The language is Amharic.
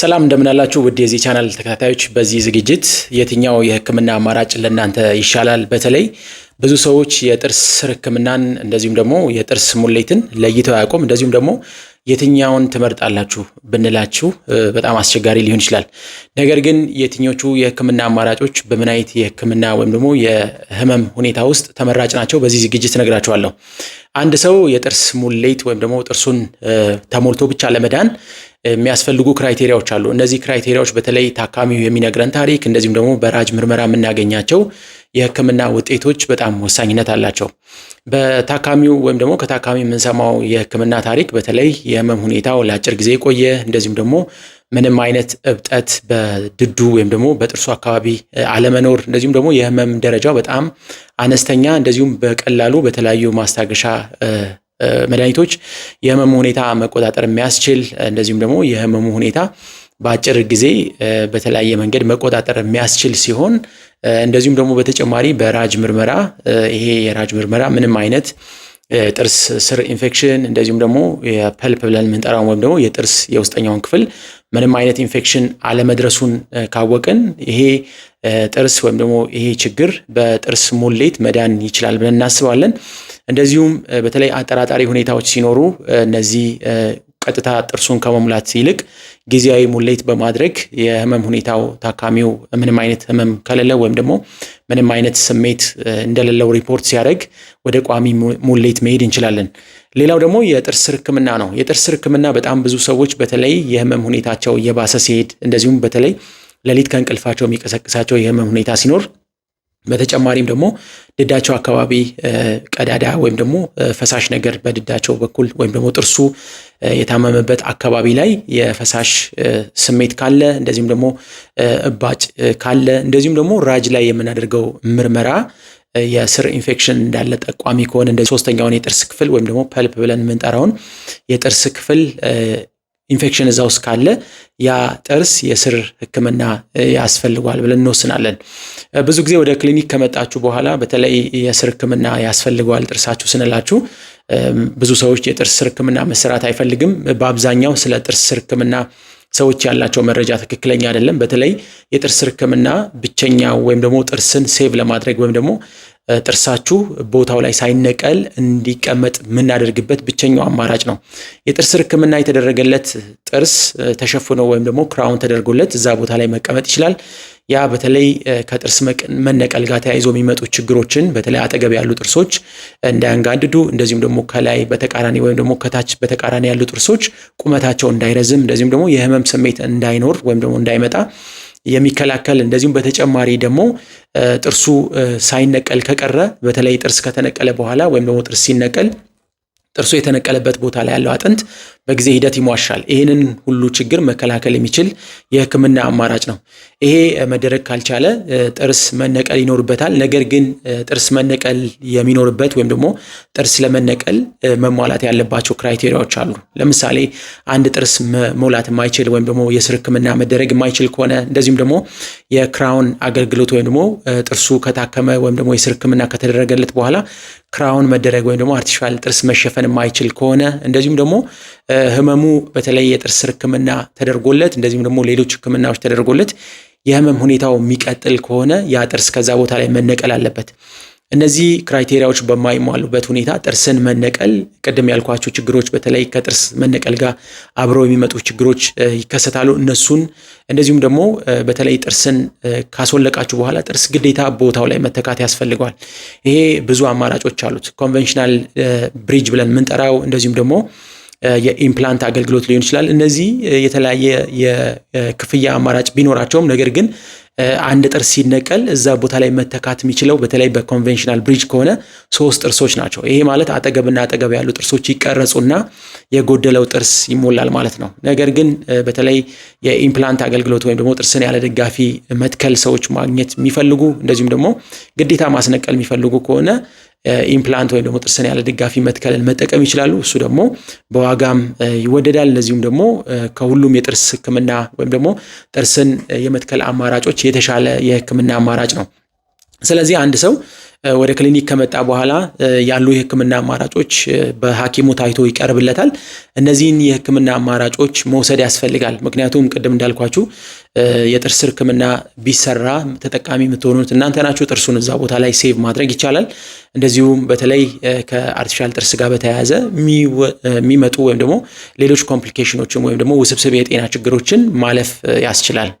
ሰላም እንደምናላችሁ ውድ የዚህ ቻናል ተከታታዮች፣ በዚህ ዝግጅት የትኛው የህክምና አማራጭ ለእናንተ ይሻላል፣ በተለይ ብዙ ሰዎች የጥርስ ህክምናን እንደዚሁም ደግሞ የጥርስ ሙሌትን ለይተው አያውቁም፣ እንደዚሁም ደግሞ የትኛውን ትመርጣላችሁ ብንላችሁ በጣም አስቸጋሪ ሊሆን ይችላል። ነገር ግን የትኞቹ የህክምና አማራጮች በምን አይነት የህክምና ወይም ደግሞ የህመም ሁኔታ ውስጥ ተመራጭ ናቸው በዚህ ዝግጅት እነግራችኋለሁ። አንድ ሰው የጥርስ ሙሌት ወይም ደግሞ ጥርሱን ተሞልቶ ብቻ ለመዳን የሚያስፈልጉ ክራይቴሪያዎች አሉ። እነዚህ ክራይቴሪያዎች በተለይ ታካሚው የሚነግረን ታሪክ፣ እንደዚሁም ደግሞ በራጅ ምርመራ የምናገኛቸው የህክምና ውጤቶች በጣም ወሳኝነት አላቸው። በታካሚው ወይም ደግሞ ከታካሚ የምንሰማው የህክምና ታሪክ በተለይ የህመም ሁኔታው ለአጭር ጊዜ የቆየ እንደዚሁም ደግሞ ምንም አይነት እብጠት በድዱ ወይም ደግሞ በጥርሱ አካባቢ አለመኖር እንደዚሁም ደግሞ የህመም ደረጃው በጣም አነስተኛ እንደዚሁም በቀላሉ በተለያዩ ማስታገሻ መድኃኒቶች የህመሙ ሁኔታ መቆጣጠር የሚያስችል እንደዚሁም ደግሞ የህመሙ ሁኔታ በአጭር ጊዜ በተለያየ መንገድ መቆጣጠር የሚያስችል ሲሆን እንደዚሁም ደግሞ በተጨማሪ በራጅ ምርመራ ይሄ የራጅ ምርመራ ምንም አይነት የጥርስ ስር ኢንፌክሽን እንደዚሁም ደግሞ የፐልፕ ብለን የምንጠራው ወይም ደግሞ የጥርስ የውስጠኛውን ክፍል ምንም አይነት ኢንፌክሽን አለመድረሱን ካወቅን ይሄ ጥርስ ወይም ደግሞ ይሄ ችግር በጥርስ ሙሌት መዳን ይችላል ብለን እናስባለን። እንደዚሁም በተለይ አጠራጣሪ ሁኔታዎች ሲኖሩ እነዚህ ቀጥታ ጥርሱን ከመሙላት ይልቅ ጊዜያዊ ሙሌት በማድረግ የህመም ሁኔታው ታካሚው ምንም አይነት ህመም ከሌለ ወይም ደግሞ ምንም አይነት ስሜት እንደሌለው ሪፖርት ሲያደርግ ወደ ቋሚ ሙሌት መሄድ እንችላለን። ሌላው ደግሞ የጥርስ ህክምና ነው። የጥርስ ህክምና በጣም ብዙ ሰዎች በተለይ የህመም ሁኔታቸው እየባሰ ሲሄድ፣ እንደዚሁም በተለይ ሌሊት ከእንቅልፋቸው የሚቀሰቅሳቸው የህመም ሁኔታ ሲኖር በተጨማሪም ደግሞ ድዳቸው አካባቢ ቀዳዳ ወይም ደግሞ ፈሳሽ ነገር በድዳቸው በኩል ወይም ደግሞ ጥርሱ የታመመበት አካባቢ ላይ የፈሳሽ ስሜት ካለ እንደዚሁም ደግሞ እባጭ ካለ እንደዚሁም ደግሞ ራጅ ላይ የምናደርገው ምርመራ የስር ኢንፌክሽን እንዳለ ጠቋሚ ከሆነ እንደዚህ ሶስተኛውን የጥርስ ክፍል ወይም ደግሞ ፐልፕ ብለን የምንጠራውን የጥርስ ክፍል ኢንፌክሽን እዛ ውስጥ ካለ ያ ጥርስ የስር ህክምና ያስፈልጓል ብለን እንወስናለን። ብዙ ጊዜ ወደ ክሊኒክ ከመጣችሁ በኋላ በተለይ የስር ህክምና ያስፈልገዋል ጥርሳችሁ ስንላችሁ ብዙ ሰዎች የጥርስ ስር ህክምና መሰራት አይፈልግም። በአብዛኛው ስለ ጥርስ ስር ህክምና ሰዎች ያላቸው መረጃ ትክክለኛ አይደለም። በተለይ የጥርስ ስር ህክምና ብቸኛው ወይም ደግሞ ጥርስን ሴቭ ለማድረግ ወይም ደግሞ ጥርሳችሁ ቦታው ላይ ሳይነቀል እንዲቀመጥ የምናደርግበት ብቸኛው አማራጭ ነው። የጥርስ ሕክምና የተደረገለት ጥርስ ተሸፍኖ ወይም ደግሞ ክራውን ተደርጎለት እዛ ቦታ ላይ መቀመጥ ይችላል። ያ በተለይ ከጥርስ መነቀል ጋር ተያይዞ የሚመጡ ችግሮችን በተለይ አጠገብ ያሉ ጥርሶች እንዳያንጋድዱ፣ እንደዚሁም ደግሞ ከላይ በተቃራኒ ወይም ደግሞ ከታች በተቃራኒ ያሉ ጥርሶች ቁመታቸው እንዳይረዝም፣ እንደዚሁም ደግሞ የህመም ስሜት እንዳይኖር ወይም ደግሞ እንዳይመጣ የሚከላከል እንደዚሁም በተጨማሪ ደግሞ ጥርሱ ሳይነቀል ከቀረ በተለይ ጥርስ ከተነቀለ በኋላ ወይም ደግሞ ጥርስ ሲነቀል ጥርሱ የተነቀለበት ቦታ ላይ ያለው አጥንት በጊዜ ሂደት ይሟሻል። ይህንን ሁሉ ችግር መከላከል የሚችል የህክምና አማራጭ ነው። ይሄ መደረግ ካልቻለ ጥርስ መነቀል ይኖርበታል። ነገር ግን ጥርስ መነቀል የሚኖርበት ወይም ደግሞ ጥርስ ለመነቀል መሟላት ያለባቸው ክራይቴሪያዎች አሉ። ለምሳሌ አንድ ጥርስ መሙላት የማይችል ወይም ደግሞ የስር ህክምና መደረግ የማይችል ከሆነ እንደዚሁም ደግሞ የክራውን አገልግሎት ወይም ደግሞ ጥርሱ ከታከመ ወይም ደግሞ የስር ህክምና ከተደረገለት በኋላ ክራውን መደረግ ወይም ደግሞ አርቲፊሻል ጥርስ መሸፈን የማይችል ከሆነ እንደዚሁም ደግሞ ህመሙ በተለይ የጥርስ ህክምና ተደርጎለት እንደዚሁም ደግሞ ሌሎች ህክምናዎች ተደርጎለት የህመም ሁኔታው የሚቀጥል ከሆነ ያ ጥርስ ከዛ ቦታ ላይ መነቀል አለበት። እነዚህ ክራይቴሪያዎች በማይሟሉበት ሁኔታ ጥርስን መነቀል ቅድም ያልኳቸው ችግሮች በተለይ ከጥርስ መነቀል ጋር አብረው የሚመጡ ችግሮች ይከሰታሉ። እነሱን እንደዚሁም ደግሞ በተለይ ጥርስን ካስወለቃችሁ በኋላ ጥርስ ግዴታ ቦታው ላይ መተካት ያስፈልገዋል። ይሄ ብዙ አማራጮች አሉት። ኮንቨንሽናል ብሪጅ ብለን ምንጠራው እንደዚሁም ደግሞ የኢምፕላንት አገልግሎት ሊሆን ይችላል። እነዚህ የተለያየ የክፍያ አማራጭ ቢኖራቸውም ነገር ግን አንድ ጥርስ ሲነቀል እዛ ቦታ ላይ መተካት የሚችለው በተለይ በኮንቬንሽናል ብሪጅ ከሆነ ሶስት ጥርሶች ናቸው። ይሄ ማለት አጠገብና አጠገብ ያሉ ጥርሶች ይቀረጹና የጎደለው ጥርስ ይሞላል ማለት ነው። ነገር ግን በተለይ የኢምፕላንት አገልግሎት ወይም ደግሞ ጥርስን ያለ ደጋፊ መትከል ሰዎች ማግኘት የሚፈልጉ እንደዚሁም ደግሞ ግዴታ ማስነቀል የሚፈልጉ ከሆነ ኢምፕላንት ወይም ደግሞ ጥርስን ያለ ደጋፊ መትከልን መጠቀም ይችላሉ። እሱ ደግሞ በዋጋም ይወደዳል። እንደዚሁም ደግሞ ከሁሉም የጥርስ ሕክምና ወይም ደግሞ ጥርስን የመትከል አማራጮች የተሻለ የህክምና አማራጭ ነው። ስለዚህ አንድ ሰው ወደ ክሊኒክ ከመጣ በኋላ ያሉ የህክምና አማራጮች በሐኪሙ ታይቶ ይቀርብለታል። እነዚህን የህክምና አማራጮች መውሰድ ያስፈልጋል። ምክንያቱም ቅድም እንዳልኳችሁ የጥርስ ህክምና ቢሰራ ተጠቃሚ የምትሆኑት እናንተ ናችሁ። ጥርሱን እዛ ቦታ ላይ ሴቭ ማድረግ ይቻላል። እንደዚሁም በተለይ ከአርቲፊሻል ጥርስ ጋር በተያያዘ የሚመጡ ወይም ደግሞ ሌሎች ኮምፕሊኬሽኖችን ወይም ደግሞ ውስብስብ የጤና ችግሮችን ማለፍ ያስችላል።